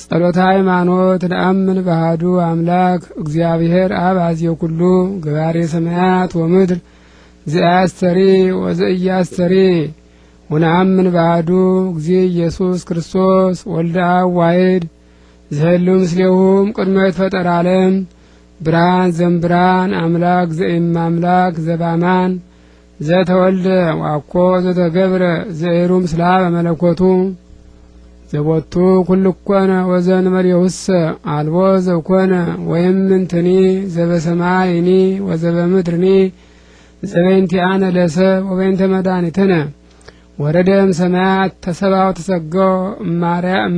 ጸሎተ ሃይማኖት ነአምን ባህዱ አምላክ እግዚአብሔር አብ አዝየ ኩሉ ገባሬ ሰማያት ወምድር ዘአስተሪ ወዘእያስተሪ ወነአምን ባህዱ እግዚ ኢየሱስ ክርስቶስ ወልደ አብ ዋሕድ ዝህሉ ምስሌሁም ቅድመ ትፈጠር ዓለም ብርሃን ዘምብርሃን አምላክ ዘእም አምላክ ዘባማን ዘተወልደ ዋኮ ዘተገብረ ዘኢሩ ምስላ በመለኮቱ ዘቦቱ ኩልኮነ ወዘን የውሰ አልቦ ዘኮነ ወይም ምንትኒ ዘበሰማይኒ ወዘበምድርኒ አነ ለሰ ወበይንተ መድኃኒትነ ወረደም ሰማያት ተሰባው ተሰጎ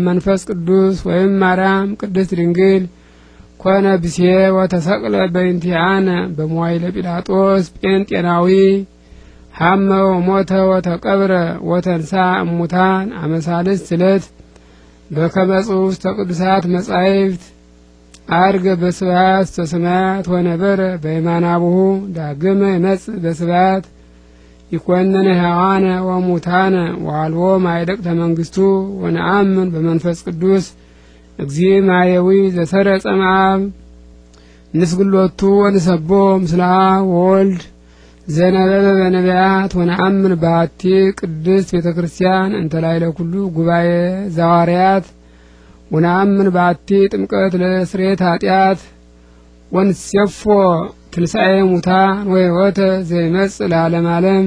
መንፈስ ቅዱስ ወይም ማርያም ቅድስት ድንግል ኮነ ብሴ ወተሰቅለ አነ በሞይለ ጲላጦስ ጴንጤናዊ ሐመ ወሞተ ወተቀብረ ወተንሳ እሙታን አመሳልስ ስለት በከመጽ ውስተ ቅዱሳት መጻሕፍት አርገ በስብሐት እስተ ወነበረ በየማነ ዳግመ ይመጽእ በስብሐት ይኮነነ ሕያዋነ ወሙታነ ወአልቦ ማዕደቅተ መንግስቱ ወነአምን በመንፈስ ቅዱስ እግዚእ ማየዊ ዘተረጸ እምአብ ንስግሎቱ ወንሰቦ ምስለ አብ ወወልድ ዘነበበ በነቢያት ወነአምን ባቲ ቅድስት ቤተ ክርስቲያን እንተላይ ለኩሉ ጉባኤ ዘዋርያት ወነአምን ባቲ ጥምቀት ለስሬት ኃጢአት ወንሴፎ ትንሣኤ ሙታን ወሕይወተ ዘይመጽእ ለዓለም ዓለም